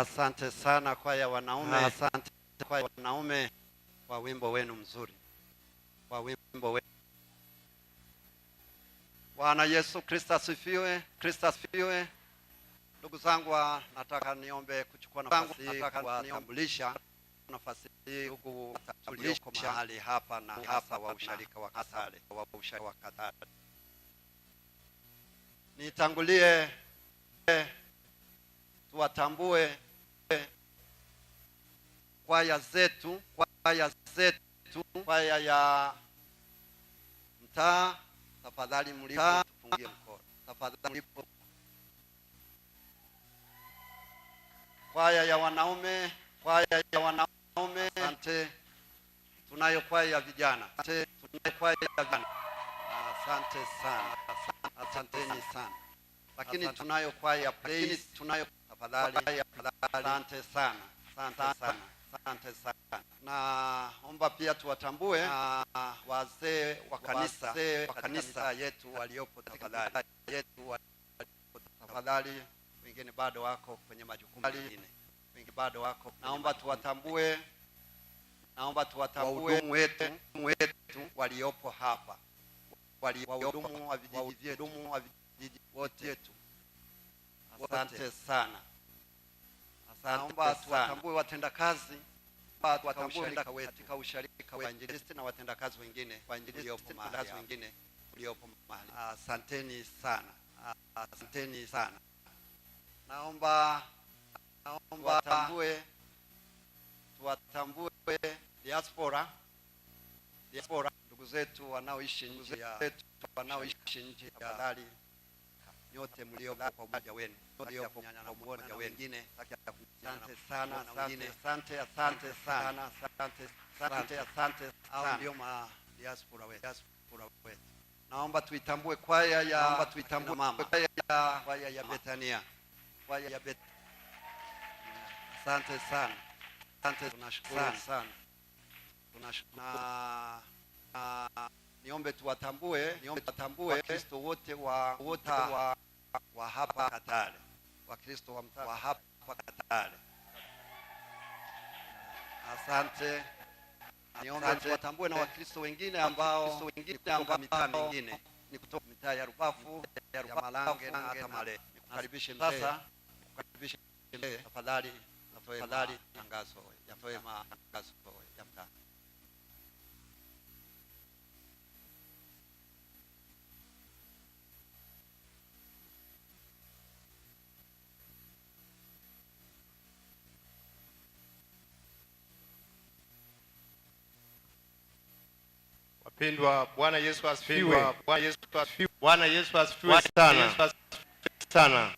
Asante sana kwa ya wanaume, asante kwa ya wanaume kwa wimbo wenu mzuri, kwa wimbo wenu. Bwana Yesu Kristo asifiwe, Kristo asifiwe. Ndugu zangu, nataka niombe kuchukua nafasi hii kuwatambulisha nafasi hii huku tulioko mahali hapa na hasa wa usharika wa Katare, wa usharika wa Katare. Nitangulie tuwatambue kwaya zetu, kwaya zetu, kwaya ya mtaa. Tafadhali mlipo tupungie mkono, tafadhali mlipo. Kwaya ya wanaume, kwaya ya wanaume, asante. Tunayo kwaya ya vijana, tunayo kwaya ya vijana. Asante sana, asanteni sana, lakini tunayo kwaya praise, tunayo Tafadhali, asante sana, asante sana, asante sana. Naomba pia tuwatambue wazee wa kanisa, wa kanisa yetu waliopo, tafadhali yetu, waliopo, tafadhali. Wengine bado wako kwenye majukumu mengine, wengine bado wako. Naomba tuwatambue, naomba tuwatambue wahudumu wetu waliopo hapa, wahudumu wa vijiji vyetu wote, asante sana. Naomba tuwatambue watendakazi katika usharika wa injilisti na watendakazi wengine uliopo mahali. Asanteni sana, asanteni sana. Naomba naomba tuwatambue tuwatambue diaspora diaspora, ndugu zetu wanaoishi nje ya, wanaoishi nje ya badali nyote mlio kwa umoja wenu, na umoja wengine. Asante sana na wengine, asante asante sana, asante asante asante. Au ndio ma diaspora wetu, diaspora wetu. Naomba tuitambue kwaya ya, naomba tuitambue mama kwaya ya, kwaya ya Betania, kwaya ya Bet. Asante sana, asante, tunashukuru sana, tunashukuru na, niombe tuwatambue, niombe tuwatambue Wakristo wote wa wote wa wa hapa Katale, Wakristo wa mtaa wa hapa Katale. Asante, niombe tuwatambue na Wakristo wengine ambao wengine ambao mitaa mingine ni kutoka mitaa ya Rubafu ya Malange na hata Male. Nikukaribishe sasa, nikukaribishe tafadhali, natoe tafadhali tangazo, yatoe matangazo Pendwa, Bwana Yesu asifiwe. Bwana Yesu asifiwe Bwana Yesu asifiwe sana sana.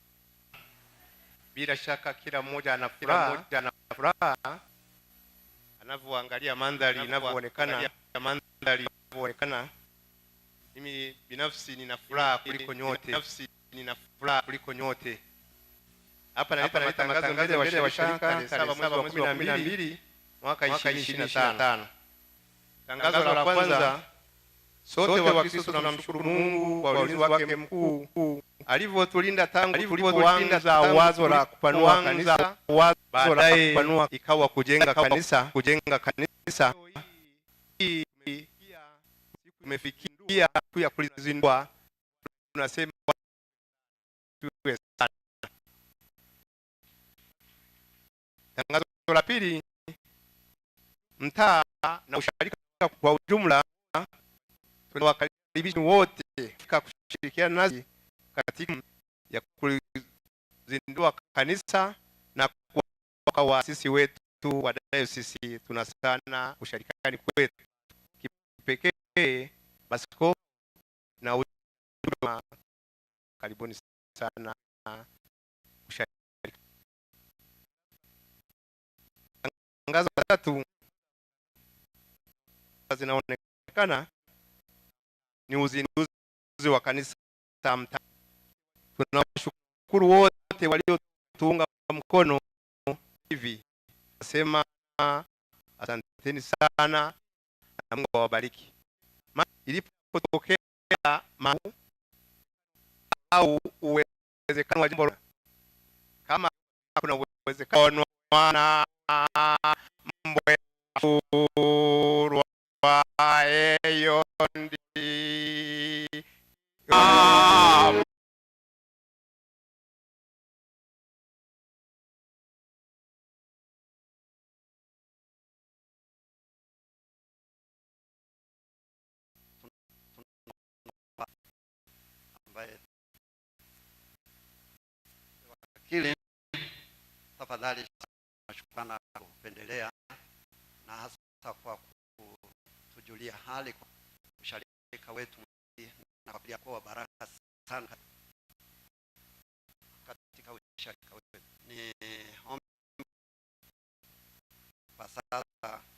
Bila shaka kila mmoja ana furaha anavyoangalia mandhari inavyoonekana mandhari inavyoonekana. Mimi binafsi nina furaha kuliko nyote, binafsi nina furaha kuliko nyote. Hapa naleta matangazo mbele ya washirika tarehe saba mwezi wa 12 mwaka 2025. Tangazo la kwanza Sote wa Kristo tunamshukuru Mungu kwa ulinzi wake mkuu alivyotulinda tangu tulipoanza za wazo la kupanua kanisa, wazo la kupanua ikawa kujenga kanisa, kujenga kanisa imefikia siku ya kulizindua. Tunasema tangazo la pili, mtaa na usharika kwa ujumla tunawakaribisha wote katika kushirikiana nasi katika ya kuzindua kanisa na kwa waasisi wetu wa dayosisi. Tuna sana kwetu kipekee basiko na ujuma. Karibuni sana tangazo tatu zinaonekana ni uzinduzi wa kanisa mtaa. Tunawashukuru wote waliotuunga mkono hivi, nasema asanteni sana na Mungu awabariki. Ilipotokea mau au uwezekano wa jambo kama kuna uwezekano wana mbwe urwaeyo ambaye wakili, tafadhali tunashukuru kupendelea na hasa kwa kutujulia hali kwa usharika wetu na kwa kuwa baraka sana katika usharika wetu. Ni ombi kwa sasa